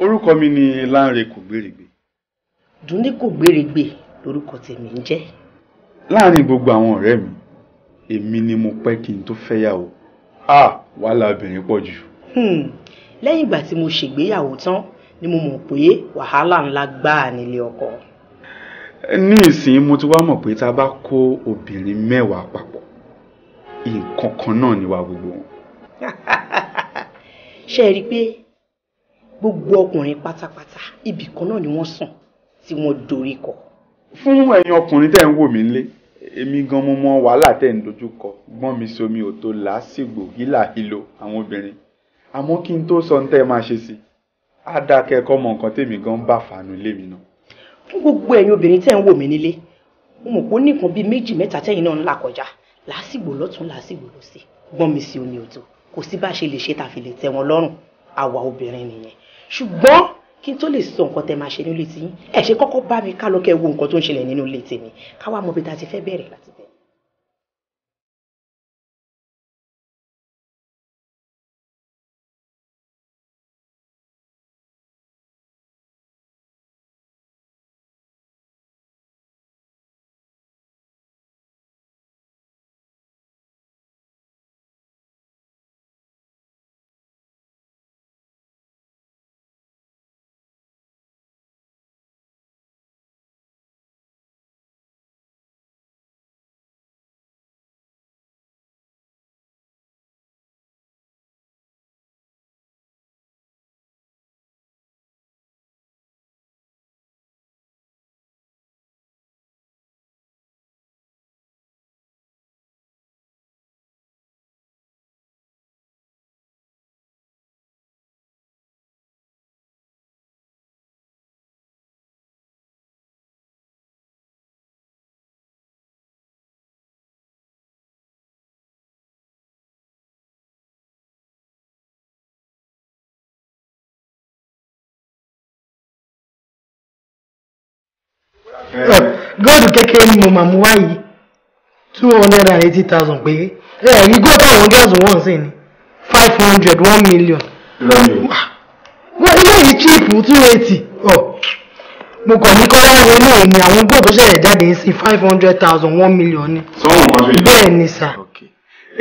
orúkọ mi ni Láńre Kògbèrègbè. Dúndé Kògbèrègbè lórúkọ tèmi ń jẹ́. láàrin gbogbo àwọn ọ̀rẹ́ mi èmi ni mo pẹ́ kí n tó fẹ́yàwó a wàhálà obìnrin pọ̀ jù. Hmm. lẹ́yìn ìgbà tí mo ṣègbéyàwó tán ni mo mọ̀ pé wàhálà ńlá gbáà nílé ọkọ. ní ìsìn mo ti wá mọ̀ pé tá a bá kó obìnrin mẹ́wàá papọ̀ nǹkan kan náà ni wàá gbogbo wọn. ṣé ẹ rí i pé gbogbo ọkùnrin pátápátá ibì kan náà ni wọ́n sàn tí wọ́n dorí kọ. fún ẹ̀yin ọkùnrin tẹ́ ń wò mí lé èmi gan mo mọ wàhálà tẹ́ ń dojú kọ gbọ́n mi somi ò tó làásìgbò hílà hílo àwọn obìnrin àmọ́ kí n tó sọ ní tẹ́ máa ṣe sí i á dáa kẹ́kọ̀ọ́ mọ nǹkan tèmi gan bá fàánú lé mi náà. fún gbogbo ẹ̀yin obìnrin tẹ́ ń wò mí nílé mo mọ̀ pé ó ní nǹkan bíi méjì mẹ́ta tẹ́yìn náà ń là kọjá làásìgbò lọ́tún làásìgbò lọ́sì gbọ́n mi sí omi ò tó kò sí bá a ṣe lè ṣe tàfi lè wọn lọ́rùn àwa obìnrin nìyẹn ṣùgbọ́n kí n tó lè sọ nǹkan tẹ máa ṣe nílé tiyín ẹ ṣe kọ́kọ́ bá mi ká lọ kẹ́ wo nǹkan tó ń ṣẹlẹ̀ nínú ilé tèmi káwá mọ ibi tá a ti fẹ́ bẹ̀rẹ̀ láti bẹ̀rẹ̀. Eh, góòdù kékeré ni mo màmú wáyé two hundred and eighty thousand péré eh, ẹ̀rí góòdù àwọn gáàsì wọ́n sì ni five hundred one million. wọ́n ah. ilé yìí chíìpù two eighty oh. mo kàn ní kọ́ wáyé inú òun ni àwọn góòdù ṣẹ̀ṣẹ̀ jáde ń sin five hundred thousand one million ni. sọ́wọ́n wọn ṣe yìí bẹ́ẹ̀ ni sà.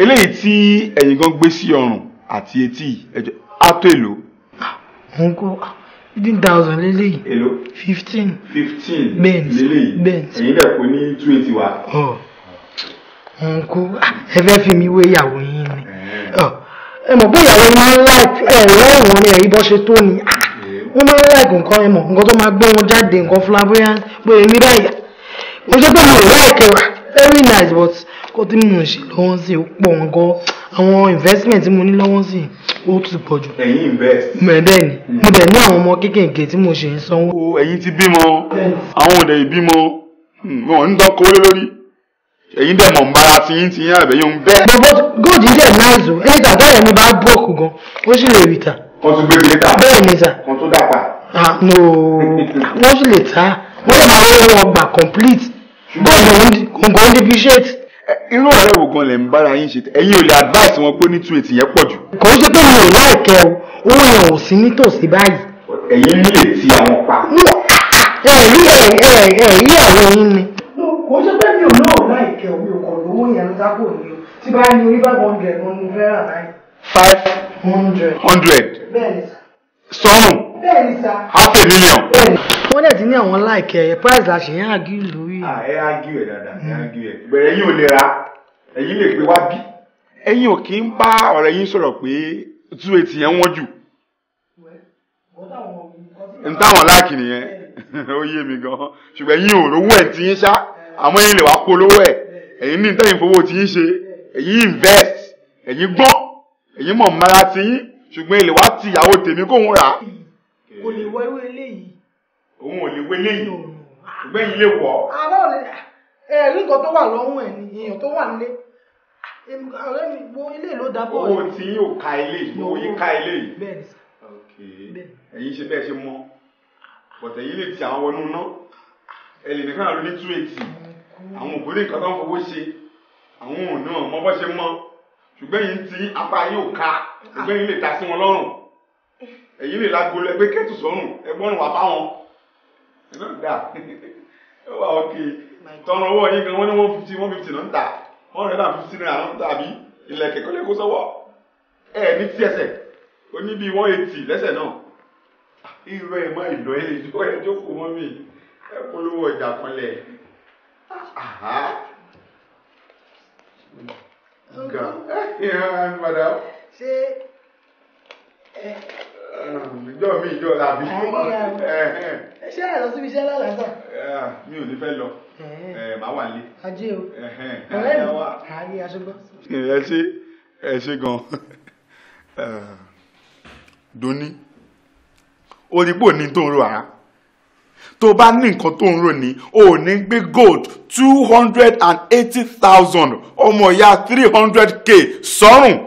eléyìí tí ẹ̀yin gan gbé sí ọrùn àti etí ẹjọ́ á tó èlò. Ah, ah fifteen thousand lélẹ́yìí. èló. fifteen. fifteen Benz. bẹ́ẹ̀nsì. ẹ̀yin dẹ̀ kó ní twenty wa. ọ̀ nko ẹ fẹ́ fi mi wé ìyàwó yín ni ẹ mọ̀ pé ìyàwó máa ń láìpẹ́ ẹ̀ lẹ́wọ̀n ni ẹ̀yìn bọ́ ṣe tó ni ah, wọ́n máa ń láìpẹ́ nǹkan ẹ mọ̀ nǹkan tó máa gbé wọn jáde nǹkan flamboyant pé èmi báyìí mo ṣe pé mi ò láìpẹ́ wa very nice but kó tí mo ń ṣe lọ́wọ́ sí ó pọ̀ wọn àwọn investment tí mo ní lọ́wọ́ sí i ó ti pọ̀ jù. ẹ̀yin invest. mẹ̀ẹ́dẹ́ ni hmm. mo dẹ̀ ní àwọn ọmọ kéékèèké tí mo ṣe ń sanwó. o ẹ̀yin ti bímọ àwọn òde ìbímọ hmm, wọn ń dán kórè lórí ẹ̀yin dẹ̀ mọ̀ ń bára ti yín ti yín àbẹ̀yẹ ń bẹ́ẹ̀. bọ́bọ́ góòdì dẹ̀ náìzù ẹni tàbí ẹ̀rọ mi bá búrọ̀kù gan ó sì lè rìtà. kan tún gbèsè lẹ́tà. bẹ́ẹ̀ ni sà. kan tún dàpà. Ah, wọ́n sì lè ta wọ́n lè máa wọ́n gbà complete. bọ́ọ̀lù òǹgọ̀ ń depreciate irú ọ̀rẹ́ wo gan lẹ̀ ń bára yín ṣe ẹ̀yin ò lè advice wọn pé ní two eighty yẹn pọ̀ jù. kò ń ṣe pé mi ò láìkẹ́ o owó yẹn ò sí nítòsí báyìí. ẹ̀yin lè ti àwọn pa. ẹ rí ah, ah, ẹ ẹ rí àwọn yín ni. kò ń ṣe pé mi ò náà láìkẹ́ o mi ò kàn lówó yẹn sápò ní o tí bá ní orí five hundred mo ní fẹ́ rà five hundred. hundred. bẹ́ẹ̀ ni sọ sọ́nù half a million. wọ́n dẹ̀ ti ní àwọn láìkẹ́ price la ṣe ń argue lórí. ẹ argue ẹ dáadáa ẹ hmm. argue ẹ bẹ̀rẹ̀ yín ò lè ra ẹ̀yin lè gbé wá bí. ẹ̀yin ò kí ń bá ọ̀rẹ́ yín sọ̀rọ̀ pé two eighty yẹn wọ́n jù. n táwọn láìkì nìyẹn ó yé mi gan-an ṣùgbọ́n ẹ̀yin ò rówó ẹ̀ tí yín ṣá àmọ́ ẹ̀yin lè wá polówó ẹ̀ ẹ̀yin ní ìtẹ́yìn fowó tí yín ṣe ẹ̀yin invest ẹ̀yin gbọ́n ẹ̀yin mọ̀ mọ́ra tí yín ṣùgbọ́n ilé wa ti ìyàwó tèmi kóhun rà á. kò lè wọ ewé eléyìí. òun ò lè wọ eléyìí ṣùgbọ́n èyí lè wọ̀. àbá ò lè ẹ rí nǹkan tó wà lọ́wọ́ ẹ̀ ni èèyàn tó wà nílé ọ̀rẹ́ mi wo ilé ló dá bọ́ọ̀lù. owó tí yóò ka ilé yìí owó yìí ka ilé yìí. bẹ́ẹ̀ni sà. ok ẹ̀yin ṣe bẹ́ẹ̀ ṣe mọ bọ̀tẹ̀ yìí lè ti àwọn wọnú ná ẹ lè nìkan ló ní two eighty àwọn òbí ní nǹkan tó ń fowó ṣe àwọn òun náà ṣùgbọ́n yìí ti apá yìí ò ká ṣùgbọ́n yìí lè ta sí wọn lọ́rùn èyí lè lágbo ẹgbẹ́ kẹ́tù sọ́rùn ẹgbọ́n wà fáwọn ẹ̀rọ ìdá ẹ wà òkè tọrọ owó yín gan wọn ní one fifty one fifty náà ń tà one hundred and fifty naira náà ń tà bí ilẹ̀ kẹ̀kọ́ lè kó sọ́wọ́ ẹ ní tí ẹsẹ̀ ó ní bíi one eighty lẹ́sẹ̀ náà irú ẹ̀ máa ìlọ ẹ̀ ìjọ ẹ̀ jókòó mọ́ mi ẹ polówó nga ìhàn padà. ṣé eh, um, ìjọ mi ìjọ làbí. Eh, eh. ṣé ẹ lọ síbi iṣẹ́ lálàáta. mi ò ní fẹ́ lọ màá wà lé. ajé o ọ̀rẹ́ mi àárín aṣọ́gbọ́. ẹ ṣe ẹ ṣe gan-an dunni orí pò ní tó ń ro àá tó bá ní nǹkan tó ń rò ní ò gbé gold two hundred and eighty thousand ọmọ ìyá three hundred k sọ́rùn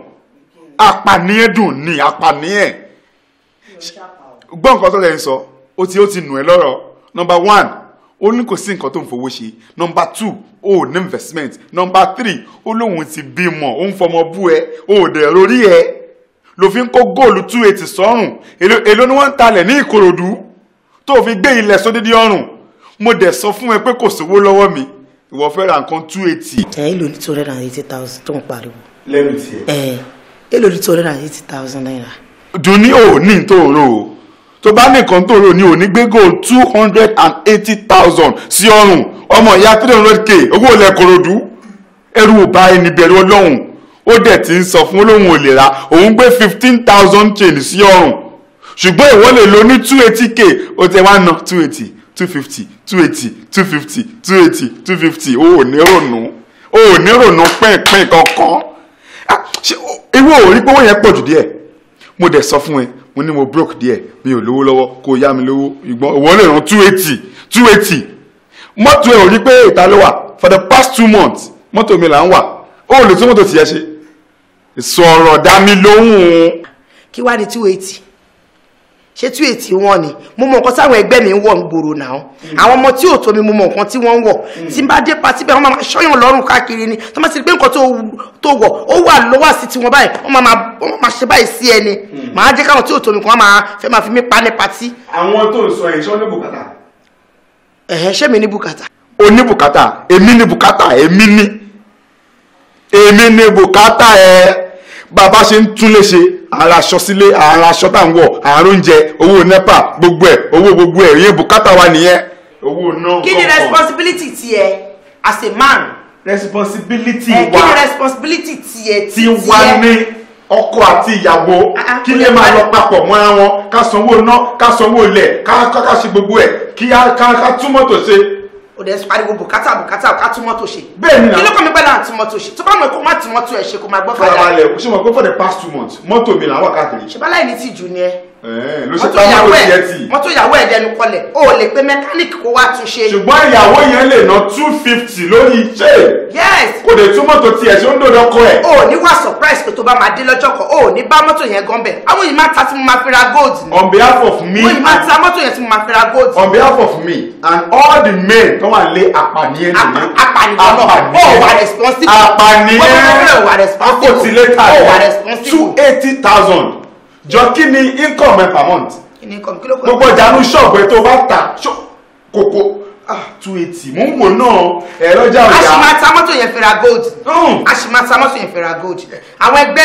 apànìyàn dùn ní apànìyàn gbọ́ nǹkan tó lẹ́yìn sọ ó ti ó ti nù ẹ́ lọ́rọ̀ number one ó ní kò sí nǹkan tó ń fowó ṣe number two ó ní investment number three ó lóun ti bímọ ó ń fọmọ bú ẹ ó dẹ̀ lórí ẹ lòfin kó góòlù two eighty sọ́rùn èló ni wọ́n ń talẹ̀ ní Ìkòròdú tó fi gbé ilẹ̀ sódídí ọrùn mo dẹ̀ sọ fún ẹ pé kò sówó lọ́wọ́ mi ìwọ fẹ́ ra nǹkan two eighty. ẹ ẹ lórí two hundred and eighty thousand tó ń pariwo. lẹ́nu tiẹ̀. ẹ ẹ lórí two hundred and eighty thousand naira. dùn ní òní tó rò ó tó bá nìkan tó rò ní òní two hundred and eighty thousand sí ọrùn ọmọ ìyá three hundred k owó ilẹ̀ korodu ẹrù ò bá ẹni bẹ̀rù ọlọ́run ó dẹ̀ ti ń sọ fún olóhùn ò òun gbé fifteen thousand change sí ọrùn ṣùgbọ́n ìwọ lè lo ní two eighty k o ti wá ná two eighty two fifty two eighty two fifty two eighty two fifty o ò ní rònú o ò ní rònú pínpín kankan ah, ìwọ ò rí pé owó yẹn pọ̀ jù díẹ̀ mo dẹ̀ sọ fún ẹ mo ní mo broke díẹ̀ mi ò lówó lọ́wọ́ kó yá mi lówó ìgbọ́n ìwọ lè ràn two eighty two eighty mọ́tò ẹ ò rí pé ìta ló wà for the past two months mọ́tò mi là ń wà o ò lè tún mọ́tò tìyẹ ṣe sọ̀rọ̀ dá mi lóhùn. kí wàá di two eighty se tu ètí wọn ni mo mọ nǹkan táwọn ẹgbẹ́ mi ń na, ń gbòòrò náà àwọn ọmọ tí ò tó mi mo mọ nǹkan tí wọ́n ń wọ̀ tí n bá dé pa síbẹ̀ wọ́n máa ṣọ́yàn lọ́rùn káàkiri ni tó máa ti rí pé nǹkan tó wọ̀ ó wà lọ́wọ́ sí tiwọn báyìí wọ́n máa ṣe báyìí sí ẹni hmm. màá jẹ́ káwọn tí ò tó mi kan máa fẹ́ máa fi mí pa ní patí. àwọn tó ń sọ ẹ̀ ṣọ́ ní bùkátà. ẹ̀hẹ́ mi ní bùkátà. o ní bùkátà èmi ní bùkátà èmi ní èmi ní bùkátà ẹ bàbá ṣe ń túnlé àárá aṣọ sílé àárá aṣọ tá à ń wọ̀ àárún oúnjẹ owó nepa gbogbo ẹ̀ owó gbogbo ẹ̀ ìyẹn bùkátà wa nìyẹn owó náà. kí ni responsibility tiẹ̀ as a man. responsibility wa eh, kí ni responsibility tiẹ̀ ti wa ni ọkọ àti ìyàwó ah, ah, kí lè máa lọ papọ̀ mọ́ra wọn ká sanwó ná ká sanwó ilẹ̀ ká ká ṣe gbogbo ẹ̀ kí ká túmọ̀ tó ṣe o dẹ̀ pariwo bùkátà bùkátà ká tún mọ́tò ṣe. bẹ́ẹ̀ ni na kí ló kọ́ mi padà tún mọ́tò ṣe tó bá mọ̀ kó má tún mọ́tò ẹ̀ ṣe kó má gbọ́ padà. farabalẹ̀ o ṣe mọ̀ pé for the past two months mọ́tò mi làwọn káàkiri. ṣe bá láì ní tìjú ni ẹ ló ṣe pa mọ́tò tiẹ̀ tì. mọ́tò ìyàwó ẹ̀ dẹnu kọlẹ̀ o lè pe mẹkáníìkì kó wá tún ṣe. ṣùgbọ́n ìyàwó yẹn lè ná two fifty lórí iṣẹ́. yes. kò dé tún mọ́tò tiẹ̀ ṣó ń dòdò kọ ẹ̀. o ní wá surprise kó tó bá máa dé lọ́jọ́ kan o ní bá mọ́tò yẹn gan bẹ̀. àwọn yìí máa ta tí mo máa fi ra gold. on behalf of me. wọ́n yìí máa ta mọ́tò yẹn tí mo máa fi ra gold. on behalf of me and all the men tó wà lé apànìyàn nìyẹn. apànìyàn náà o wà responsible. apànìyàn o wà responsible jọ kí ni income per month gbogbo ìjànú ṣọ́ọ̀bù ẹ tó bá ta kòkó ah, two eighty mò ń wò náà ẹ̀rọ ọjà ọ̀yà. àṣìmọ̀tà mọ́tò yẹn fẹ́ra gold àṣìmọ̀tà hmm. mọ́tò yẹn fẹ́ra gold àwọn ẹgbẹ́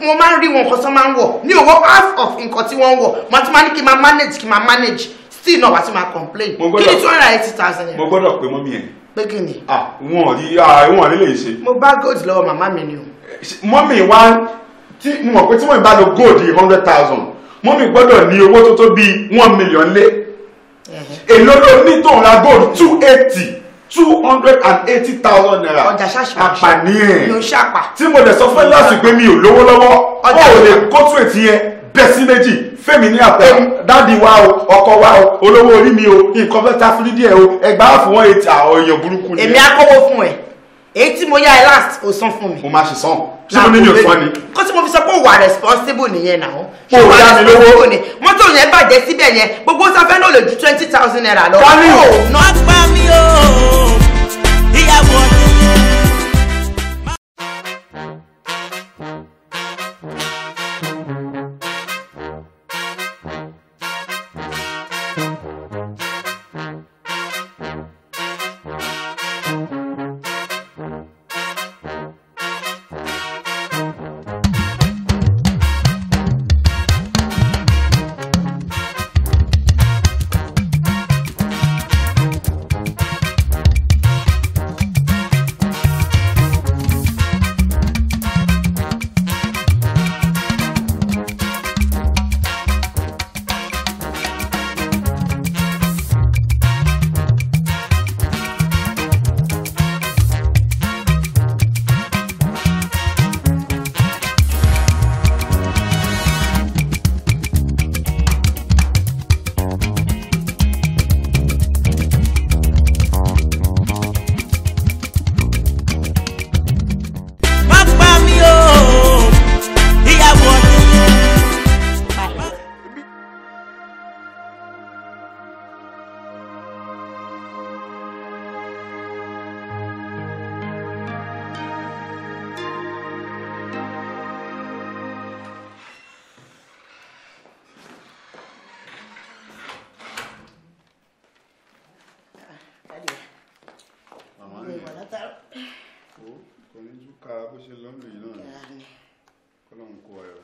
mi mo máa ń rí wọn nǹkan tó máa ń wọ̀ ní owó half of nǹkan tí wọ́n ń wọ̀ mo ti máa ní kí n máa manage kí n máa manage still náà wá sí máa complain kí ni two hundred and eighty thousand yẹn. mo gbọ́dọ̀ pé mọ́mí ẹ̀. pé kí ni. ah wọn ò rí ah wọn ò rí lè ṣe. mo bá gold lọ́wọ́ màmá mi ni o. mọ́mí wa tí mo mọ̀ pé tí mo bá lo gold yìí hundred thousand mo mi gbọ́dọ̀ ní owó tó tó bíi one million lé èlò ló ní tóun ra gold two eighty two hundred and eighty thousand naira ọjà ṣàṣà àpàní ẹ̀ tí mo dẹ̀ sọ fún ẹ lásìkò pé mi ò lówó lọ́wọ́ ó lè kó two eighty yẹn bẹ́ẹ̀ sí méjì fẹ́mi ní àpẹ dáàdi wa o ọkọ wa o olówó orí mi o nǹkan fẹ́ ta fún díẹ̀ o ẹgbàá fún wọn ètò àwọn èèyàn burúkú ni. èmi á kọ́wọ́ fún ẹ èyí tí mo yá ẹ last ò san fún mi. mo máa ṣe san ṣé mi ní ìfọ́ ni. kó tí mo fi sọ pé òwà responsible nìyẹn náà. mo wà á mi lówó. mọ́tò yẹn bàjẹ́ síbẹ̀ yẹn twenty thousand naira lọ. kánú. ọgbà mi bó ṣe lọ lóyìn náà ni kọ́lọ́n kó ayọ̀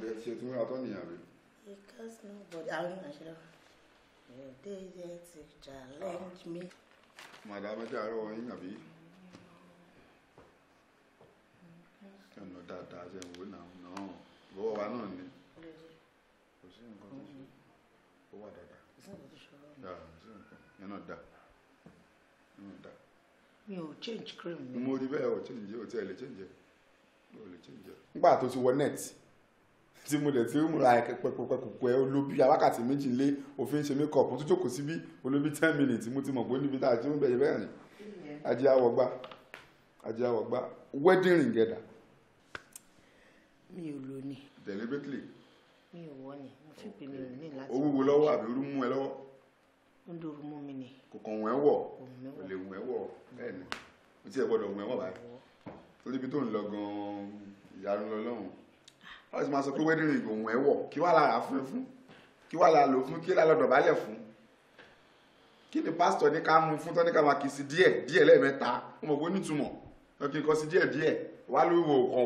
rẹ̀ ṣe tí wọ́n atọ́ nìyà rẹ̀. me. màdà mẹ́ta àárọ̀ wọn yín àbí mm-hmm. ẹnu dáadáa ṣe ń wò náà lọ́wọ́ wa náà ni kò sí nǹkan tó ṣe mm-hmm. ó wà dáadáa yàrá kò sí dá ah, yẹn mi ò change cream mi. mo rí bẹ́ẹ̀ ò change ò tí ẹ lè change ò lè change. nígbà tó ti wọ net tí mo dẹ̀ ti ń múra pẹ̀pẹ̀pẹ̀pẹ̀ olóbi wákàtí méjì lé òfin ṣe makeup tó jókòó síbí olóbi ten minutes mo ti mọ̀ pé níbi tá a ti ń bẹ̀yẹ bẹ́ẹ̀ ni ajé àwọ̀ gbá ajé àwọ̀ gbá wedding ring gẹ̀dà. mi ò lò ní. deliberately. mi ò wọ́ ni mo fi pè mí ò ní láti. owó wo lọ́wọ́ àbí orú mú ẹ lọ́wọ́ ń dòrú mú mi ni. kò kàn wọ́n wọ̀ kò lè wọ́n wọ̀ bẹ́ẹ̀ ni o ti ẹ̀ gbọ́dọ̀ wọ́n wọ̀ báyìí torí ibi tó ń lọ gan-an ìyanu lọ́lọ́run wọ́n ti máa sọ pé wedding ring òun ẹ̀ wọ̀ kí wàá lára fún fún kí wàá lára lò fún kí lára lọ́dọ̀ balẹ̀ fún kí ni pásítọ̀ ní ká mú fún tọ́ní ká máa kì í sí díẹ̀ díẹ̀ lẹ́ẹ̀mẹ́ta ó mọ̀ pé nítumọ̀ kí n kọ́ sí díẹ̀ díẹ̀ wá ló wò wọ́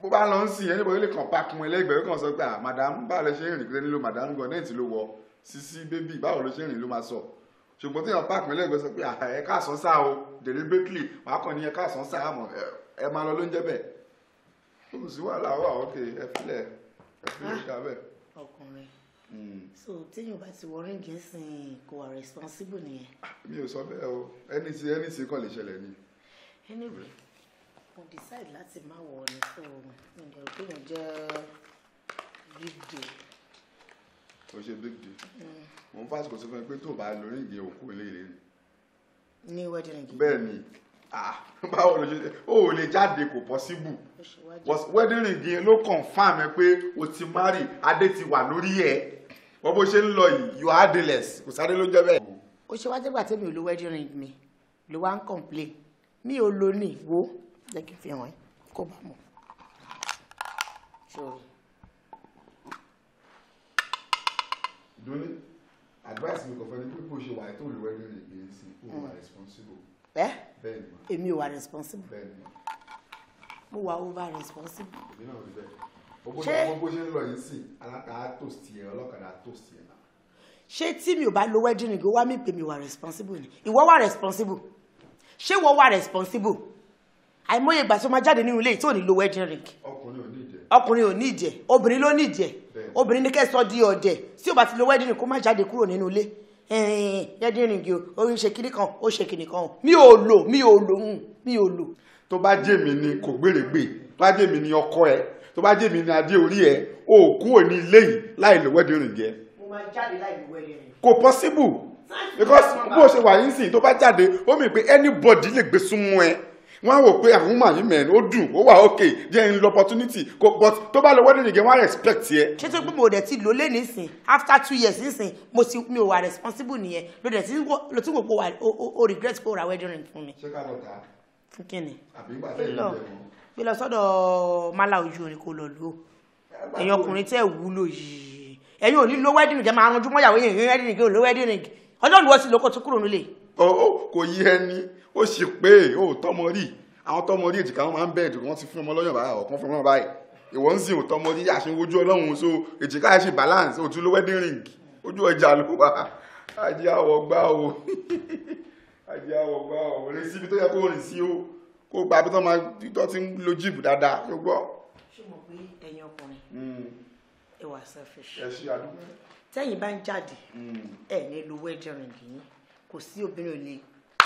bó bá lọ ń sìn ẹni bọ́ yóò lè kàn pa kun ẹlẹ́gbẹ̀ẹ́ kan sọ pé à màdàmú báwo lẹ ṣe ń rìn kúrẹ́ nílò màdàmú gan náà ti ló wọ̀ sisi bébì báwo ló ṣe rìn ló máa sọ ṣùgbọ́n tí èèyàn páàkì lẹ́gbẹ̀ẹ́ sọ pé ah, ẹ káàsán sá o dèrè bẹ́kìlì wàá kàn ní ẹ káàsán sá àmọ́ ẹ máa lọ ló ń jẹ́ bẹ́ẹ̀ kò sí wàhálà wà ókè ẹ filẹ̀ ẹ filẹ̀ ká bẹ́ẹ̀. Ah, ọkùnrin hmm. so téèyàn bá ti wọ ríǹgì kò wà responsible nìyẹn. Ah, mi ò sọ bẹ́ẹ̀ o ẹni tí ẹni tí kàn lè ṣẹlẹ̀ ni. anyway mo decide láti má wọ ọ ní so mi ò dẹ̀rù big deal o ṣe big deal mm. mo ń fásitì kò sọ fún ẹ pé tó o bá lórí ìgbé òkú eléyìí ni. ní wedding ring. bẹ́ẹ̀ ni báwo ló ṣe o ò lè jáde kò possible wedding ring yẹn ló confirm ẹ pé o ti marry adé ti wà lórí ẹ wọ́n bó ṣe ń lọ yìí you are adeless kò sáré ló jẹ́ bẹ́ẹ̀. ó ṣe wájú ìgbà tẹ́mi ò lo wedding ring mi ló wá ń complain mi ò lo ní ìwó jẹ́ kí n fi hàn ẹ́ kó bá mọ̀ lónìí advice mi kò fẹ́ ni pé bó ṣe wà tó lè wẹ́ lórí ìgbéyìí sí kó mm. wà responsible. ẹ bẹ́ẹ̀ ni ma èmi wà responsible. bẹ́ẹ̀ ni mo wà over responsible. èmi náà rí bẹ́ẹ̀ o bó ṣe bó ṣe ń lọ yìí sí aláta toast yẹn ọlọ́kadà toast yẹn náà. ṣé tí mi ò bá lo wedding ring wá mi pè mí wà responsible ni ìwọ wà responsible ṣé wọ́n wà responsible àìmọye ìgbà tó máa jáde nínú ilé tí ò ní lo wedding ring. ọkùnrin ò ní ìjẹ. ọkùnrin ò ní ìjẹ obìnrin ló ní ìjẹ obìnrin ní kẹsọ di ọdẹ tí o bá ti lo wedding kó má jáde kúrò nínú ilé wedding ring o ń ṣe kinní kan ó ṣe kinní kan mi ò lò mi ò lò mi ò lò. tó bá jẹ́ mi ni kò gbèrègbè tó bá jẹ́ mi ni ọkọ ẹ tó bá jẹ́ mi ni adé orí ẹ o kúrò ní ilé yìí láì lo wedding ring mo máa jáde láì lo wedding kò possible because bó o ṣe wà yín sìn tó bá jáde ó mì pé anybody lè gbé súnmọ́ ẹ wọ́n á wò pé àwọn màlí mẹ́rin ó dùn ó wà ok jẹ́ n lọ opportunity kò but tó bá lọ wedding again wọ́n á respect yẹ. ṣé tó gbé mo dẹ̀ ti lò lé nísìn after two years nísìn mo ti mi ò wà responsible nìyẹn ló dẹ̀ ti lọ tí kò pò wà o regret kó ra wedding ring fún mi. ṣé ká lọ tà á. fún kíni. àbí ìgbà tẹ́lẹ̀ ló jẹ́ mọ́. gbé lọ sọ́dọ̀ mala ojú orin kò lọ lò ẹ̀yin ọkùnrin tẹ́ wúlò yìí ẹ̀yin ò ní lo wedding jẹ́ máa ranjú mọ́yàwó yẹn wedding ring ọjọ́ kò yí ẹni ó sì pé ó tọmọ rí àwọn tọmọ rí èjìká wọn máa ń bẹ́ẹ̀ dùn wọ́n ti fún ọmọ lọ́yàn báyà ọ̀kan fún ọmọ báyìí ìwọ ń sìn ò tọmọ rí àṣẹ ojú ọlọ́run so èjìká ẹ̀ ṣe balance ojú ló wedding ring ojú ọjà ló wà ajé àwọ̀ gbá o ajé àwọ̀ gbá o rìn síbi tó yẹ kó rìn sí o kó gba abẹ́ tó máa tó ti ń lo jíìpù dáadáa ló gbọ́. ṣé mo pé ẹ̀yin ọkùnrin hmm. ẹ wà selfish. ẹ ṣe àdúgbò. tẹ́yìn bá ń jáde hmm. ẹ̀ ní lo wedding ring yín kò sí obìnrin ò lè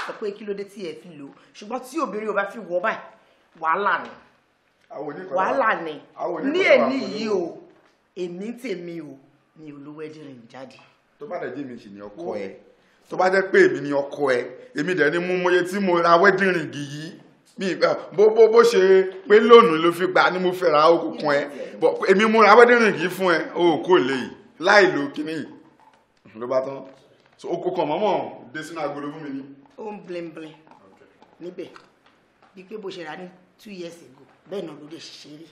sọ pé kí ló dé tí ẹ fi lò ṣùgbọ́n tí obìnrin ò bá fi wọ̀ báyìí wàhálà ni wàhálà ni ní èmi yìí o èmi tèmi o mi ò lówó ẹdín rìn jáde. tó bá dẹ̀ jẹ́ mi sì ni ọkọ ẹ tó bá jẹ́ pé èmi ni ọkọ ẹ èmi dẹ̀ ni mú mọye tí mo ra wedding ring yìí mi eh, bó bó bó ṣe pé lónìí ló fi gbà ni mo fẹ́ ra okùnkùn ẹ èmi mo ra wedding ring fún ẹ o kò lè láì lo kíní ló bá tán so o kò kàn mọ́mọ́ dé sínú agolo fún mi ni. ó ń blẹ̀nblẹ̀n níbẹ̀ bí pé bó ṣe rà ní two years ago bẹ́ẹ̀ náà ló lè ṣe rí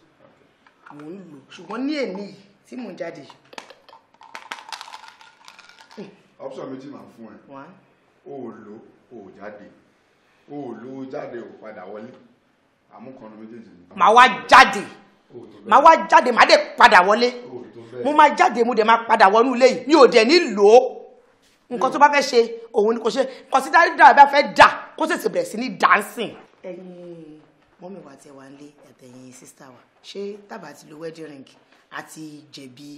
mò ń lò ṣùgbọ́n ní èmi yìí tí mò ń jáde yìí. option méjì máa fún ẹ o ò lò o ò jáde o ò lò o jáde o padà wọlé àmúkànnù méjèèjì. màá wá jáde màá wá jáde màá dé padà wọlé mo máa jáde mo dé máa padà wọnú ilé yìí mi ò dé ní lò nǹkan tó bá fẹ́ ṣe òun ni kò ṣe nǹkan tí dáadáa bá fẹ́ dà kó tètè bẹ̀rẹ̀ sí ní dancing. ẹyin mọ́mí wa tẹ wá ń lé ẹ̀tẹ̀yìn sísá wa ṣé tábà ti lo wedding ring àti jẹ̀bi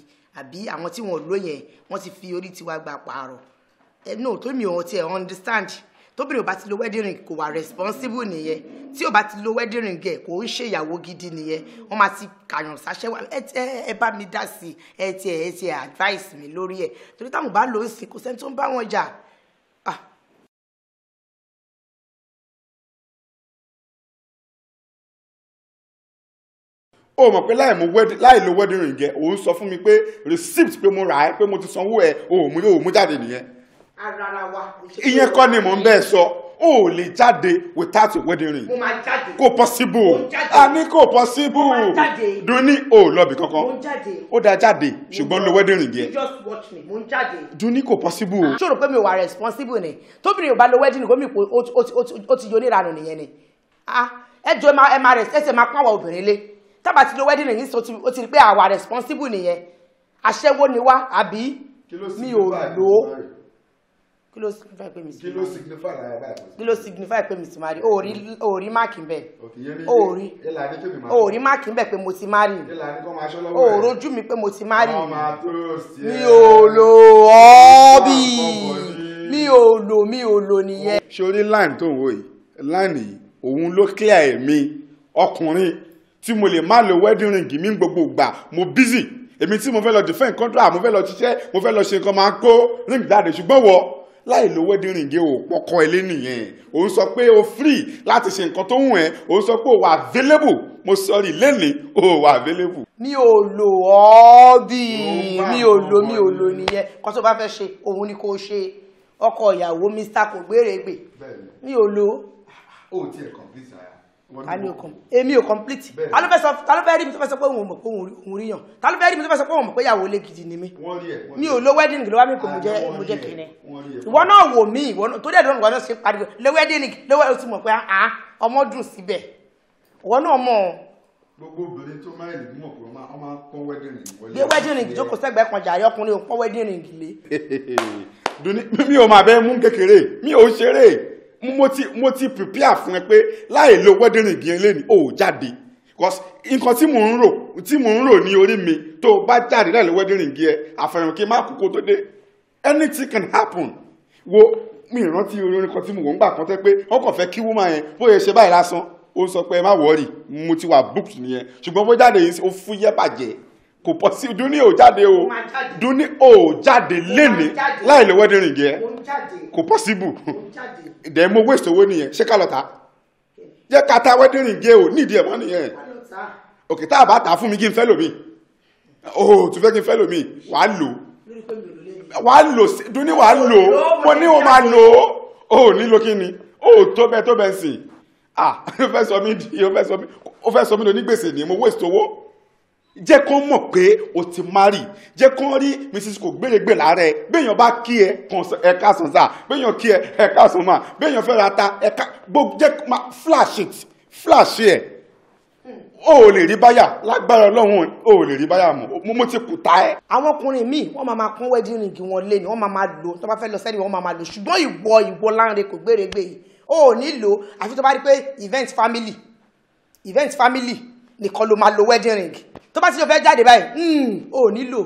àbí àwọn tí wọ́n lóyè wọ́n ti fi orí tiwa gba pààrọ̀ ẹ̀ náà tó mi ò tiẹ̀ understand tóbìnrin ò bá ti lo wedding ring kò wà responsible nìyẹn tí ò bá ti lo wedding ring ẹ kò ń ṣe ìyàwó gidi nìyẹn wọ́n máa ti kàyàn sáṣẹ wa ẹ ẹ ẹ bá mi dá sí ẹ ti ẹ ẹ ti advice mi lórí ẹ torí táwọn bá lò ó sí kò sẹ́ni tó ń bá wọn jà. Ah. o mọ̀ pé láì mú wedding láì lo wedding ring jẹ́ òun sọ fún mi pé receipt pé mo rà á pé mo ti sanwó ẹ̀ o ò mú jáde nìyẹn ìyẹn kọ́ ni mò ń bẹ́ẹ̀ sọ o ò lè jáde without a wedding ring kò possible àní kò possible dunni o lọ́bì kankan ó da jáde ṣùgbọ́n lo wedding ring yẹn dunni kò possible. ṣòro pé mi ò wà responsible ni tóbìnrin o bá lo wedding gómìn pé o ti yọ oníranù nìyẹn ni ẹ jọ ẹ máa rẹ ẹsẹ máa pọ́n àwọn obìnrin lé tábà ti lo wedding ring yìí o ti rí pé àwa responsible nìyẹn aṣẹ́wó ni wá àbí mi ò lò ó kí ló signify pé mi sì kí ló signify lára báyìí kí ló signify pé mi sì máa rí o rí máàkì ń bẹ o rí o rí máàkì ń bẹ pé mo ti máa rí o rojú mi pé mo ti máa mi ò lò ọ́ mi ò lò mi ò lò nìyẹn. sori line tó ń wò yìí line yìí òun ló clear èmi ọkùnrin tí mo lè má lo wedding ring mi gbogbo ìgbà mo busy èmi tí mo fẹ́ lọ defend contract mo fẹ́ lọ ṣiṣẹ́ mo fẹ́ lọ ṣe nǹkan máa kó ring jáde ṣùgbọ́n wọ láì lo wedding ring o pọkọ ilé nìyẹn ò ń sọ pé o free láti ṣe nǹkan tó wù ẹ́ ò ń sọ pé o wà available mo sọrí lẹ́nìí o wà available. mi ò lò ọ́ bíi mi ò lò mi ò lò nìyẹn kó tó bá fẹ́ ṣe òun ni kò ṣe ọkọ ìyàwó mr kò gbére gbè mi ò lò. o ò tiẹ̀ kàn bí sàrà èmi ò complete ta ló mi tó fẹ́ sọ pé òun mọ̀ pé òun ríyàn ta ló fẹ́ rí mi tó fẹ́ sọ pé òun mọ̀ pé ìyàwó lé ni mi mi ò lọ wedding ló mi kò mú ah, jẹ́ mú jẹ́ kìíní ìwọ náà wò mí ìwọ náà tó dẹ̀ lọ́nà ìwọ náà ṣe pariwo lé wedding lé wẹ́ẹ́ ti mọ̀ pé àá ọmọ dùn síbẹ̀ ìwọ náà mọ̀. gbogbo obìnrin tó máa ń mọ̀ pé ọmọ pọ́n wedding ring wọlé. gbé wedding ring jókòó sẹ́gbẹ̀ẹ́ kan jàre ọkùnrin ò pọ́n wedding ring lé. mi ò mà bẹ́ẹ̀ mú kékeré mi ò ṣeré mo ti mo ti prepare fún ẹ pé láì lo wedding ring yẹn lẹ́nu ò jáde because nǹkan tí mò ń rò tí mò ń rò ní orí mi tó o bá jáde láì lo wedding ring yẹn àfẹ̀yàn kí n má kú kó tó dé anything can happen wo mi ìrántí orin kan tí mo wọ́n gbà kan tẹ́ pé wọ́n kàn fẹ́ kí wúmọ̀ yẹn bó yẹ ṣe báyìí lásán ó sọ pé ẹ má wọ́ọ̀rì mo ti wà booked nìyẹn ṣùgbọ́n bó jáde yìí ó fúyẹ́ bàjẹ́ kò pọ̀ sí dúní ò jáde o dúní ò jáde léni láì lè wedding ring yẹ kò possible dẹ̀ mo waste owó nìyẹn ṣé ká lọ ta jẹ́ ká ta wedding ring yẹ o nídìí ẹ̀ mọ́ nìyẹn òkè tá a bá ta fún mi kí n fẹ́ lòmíì o tún fẹ́ kí n fẹ́ lòmíì wàá lò wàá lò dúní wàá lò mo ní o máa lò o nílò kí ni o tó bẹ́ẹ̀ tó bẹ́ẹ̀ sìn ah o fẹ́ sọ mí di o fẹ́ sọ mí o fẹ́ sọ mí lò ní gbèsè ni mo waste owó jẹ́ kán mọ̀ pé o ti marry jẹ́ kán rí mrs kò gbèrègbè lára ẹ béèyàn bá kí ẹ ẹ̀ka sàn sà béèyàn kí ẹ ẹ̀ka sàn mà béèyàn fẹ́ ra ta ẹ̀ka gbogbo jẹ́ flash it flash ẹ̀ o ò lè rí báyà lágbára ọlọ́run o ò lè rí báyà mọ́ mo ti kù tá ẹ. àwọn ọkùnrin míì wọ́n máa máa pọ́n wedding ring wọn lé ni wọ́n máa máa lò tó bá fẹ́ lọ sẹ́ni wọ́n máa máa lò ṣùgbọ́n ìwọ ìwọ Lanre kò gbèrègbè yìí o ò ní lò àfi tó bá rí pé event family event family nìkan ló máa lo wedding ring tó bá ti lọ fẹ́ jáde báyìí hmm, ò nílò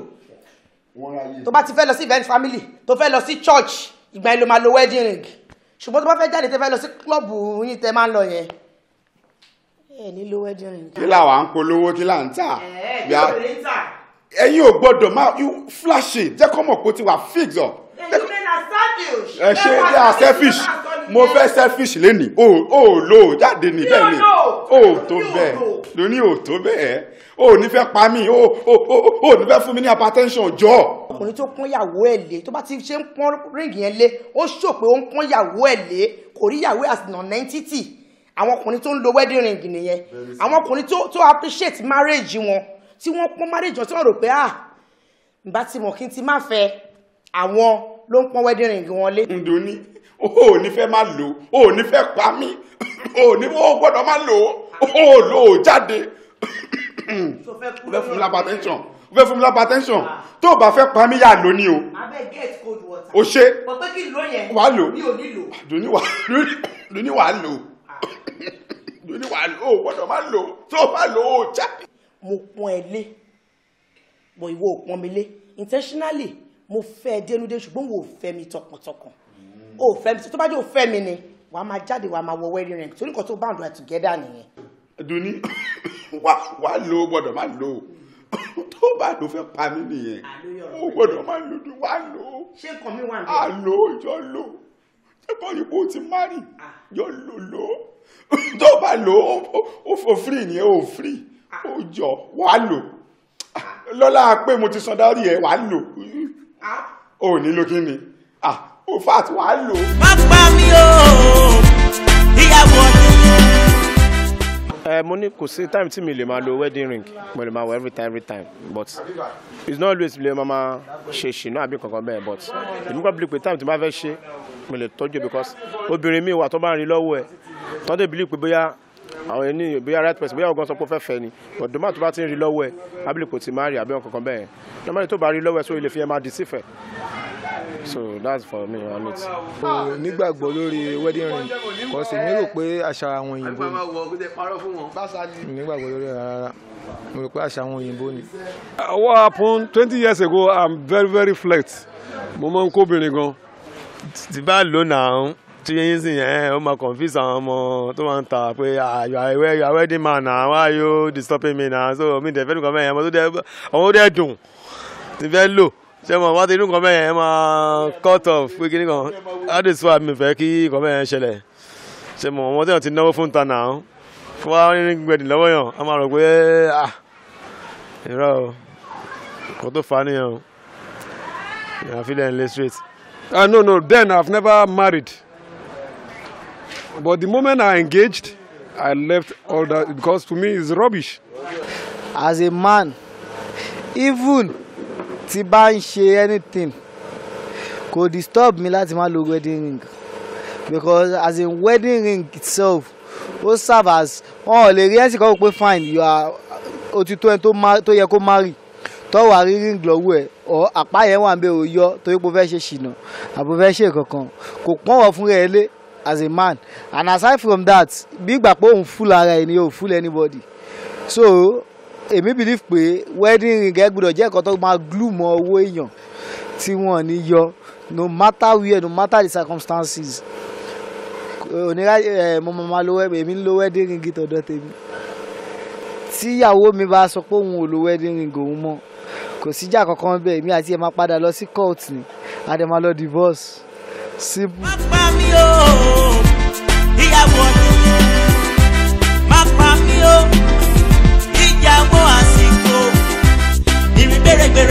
tó bá ti fẹ́ lọ sí event family tó fẹ́ lọ sí church ìgbà yẹn ló máa lo wedding ring ṣùgbọ́n tó bá fẹ́ jáde tẹ́ fẹ́ lọ sí club yín tẹ́ máa ń lọ yẹn ẹ nílò wedding ring. kí làwa ń polówó kí là ń tà. ẹ ẹ kí ló ń tà. ẹ̀yin ò gbọ́dọ̀ máa flash jẹ́ kọ́ mọ̀ pé ó ti wà fix up. ẹ̀yin mẹ́ta ẹ ṣe they are selfish mo fẹ́ selfish lẹ́nìí o ò lo, ó jáde ní bẹ́ẹ̀ ni o ò tó bẹ́ẹ̀ lóní o ò tó bẹ́ẹ̀ o ò ní fẹ́ pa mí o ò ní fẹ́ fún mi ní hypertension jọ. ọkùnrin tó kún ìyàwó ẹ̀ lé tó bá ti ṣe ń pọ́n ríngì yẹn lé ó sọ pé ó ń kún ìyàwó ẹ̀ lé kò rí ìyàwó as non-entity àwọn ọkùnrin tó ń lo wedding ring nìyẹn àwọn ọkùnrin tó appreciate marriage wọn tí wọ́n pọ́n marriage wọn tí wọ́n rò pé ah ǹbá ti mọ̀ kí n ti má fẹ́ àwọn ló ń pọ́n wedding ring wọn lé. ǹdò o ò ní fẹ́ máa lò o ò ní fẹ́ pa mí o ò ní o gbọ́dọ̀ máa lò o ò lò ó jáde o fẹ́ fún mi lápá tẹ́ńsọ̀n o fẹ́ fún mi lápá tẹ́ńsọ̀n tó o bá fẹ́ pa mí yà lónìí o o ṣe wà á lò lóní wà lóní wà á lò lóní wà á lò o gbọ́dọ̀ máa lò tó o bá lò ó jáde. mo pọ́n ẹ lé bọ̀ ìwọ ò pọ́n mi lé intentionally mo fẹ́ dénúdé ṣùgbọ́n wo ò fẹ́ mi tọkàntọkàn ò fẹ́ mi tó bá jẹ́ ò fẹ́ mi ni wàá máa jáde wàá máa wọ wedding ring torí nǹkan tó bound wa together nìyẹn. dunni wà á lo gbọ́dọ̀ má lo tó bá lo fẹ́ pa mí nìyẹn ó gbọ́dọ̀ má lo dùn wà á lo ṣé nǹkan mi wà ní. a lo ìjọ lo ṣé kọ́ ni bó ti má rì lo lo tó bá lo ó fò free nìyẹn ó free ó jọ wà á lo lọ́la pé mo ti sọ dárí ẹ̀ wà á lo ò ní lo ni o fa ti wàá lò. má pa mí o ìyàwó ẹ mo ní kò sí time tí mi lè máa lo wedding ring mo lè máa wọ every time every time but it's not always mama she she no abi kankan bẹ́ẹ̀ but èmi kàn believe pé time tí mo bá fẹ́ ṣe mo lè tọ́jú because obìnrin mi wà tó bá ń rí lọ́wọ́ ẹ̀ tọ́jú believe pé bóyá àwọn ẹni bóyá right person bóyá ọgán sọ pé ó fẹ́ fẹ́ ni but dùnmọ́ tó bá ti ń rí lọ́wọ́ ẹ̀ abúlé kò ti máa rí àbí ọkàn kan bẹ́ẹ̀ normally tó bá rí lọ́wọ́ ẹ̀ sórí ilé fi ẹ̀ máa dì sífẹ̀ẹ́ so that's for me on it. o nígbàgbọ́ lórí wedding ring kò sì ní pé àṣà àwọn òyìnbó ni nígbàgbọ́ lórí rárá mo rò pé àṣà àwọn òyìnbó ni. what happened twenty years ago i'm very very flat mo máa kóbìnrin gan. tí bá lò náà tí yín sìn ẹ ó máa confuse àwọn ọmọ tó máa ń ta pé ah, you are wedding man na why you disturbing me na so mi dẹ̀ fẹ́ nìkan mẹ́rin ọmọ tó dẹ̀ dùn tí fẹ́ lò ṣé mo wá ti inú nǹkan mẹ́yẹn máa cut off pé kí nìkan adis wa mi fẹ́ kí nǹkan mẹ́yẹn ṣẹlẹ̀ ṣé mo wọ́n tẹ̀yàn ti náwó fún ta náà fún wa ní gbẹ̀dì lọ́wọ́ yàn a máa rò pé ah ìrọ̀ o kò tó fa nìyẹn o àfi lẹ́yìn lé straight. Uh, no, no, then I've never married. But the moment I engaged, I left all that because to me it's rubbish. As a man, even tí bá ń ṣe anything kò disturb mi láti má lo wedding ring because as in wedding ring itself ó serve as wọn ò lè rí ẹ̀sìn kan pé fine you are òtítọ́ ẹni tó yẹ kó marry tọ́wọ́ àrírí ńlọ́wọ́ ẹ̀ ọ àpá yẹn wà ń bẹ òyọ torí pé ó fẹ́ ṣe ṣìnà àbò fẹ́ ṣe kankan kò pọ́n wọ̀ fúnra lé as a man and aside from that bí ìgbà pé òun fúlà ara ẹ ni yóò fúlà anybody so èmi believe pé wedding ring ẹ gbọ́dọ̀ jẹ́ ẹ̀kọ́ tó máa glue mọ́ owó èèyàn tí wọ́n ní yọ no matter where no matter the circumstances onira ẹ mo máa lo èmi ń lo wedding ring tọ̀dọ̀ tèmi tíyàwó mi bá sọ pé òun ò lo wedding ring òun mọ́ kò síjà kankan bẹ́ẹ̀ mi àti ẹ̀ máa padà lọ sí court ni a dẹ̀ máa lọ divorce simple. má pa mí má pa mí o gbogbo àsìkò ìrìnbẹ̀rẹ̀gbẹ̀rẹ̀.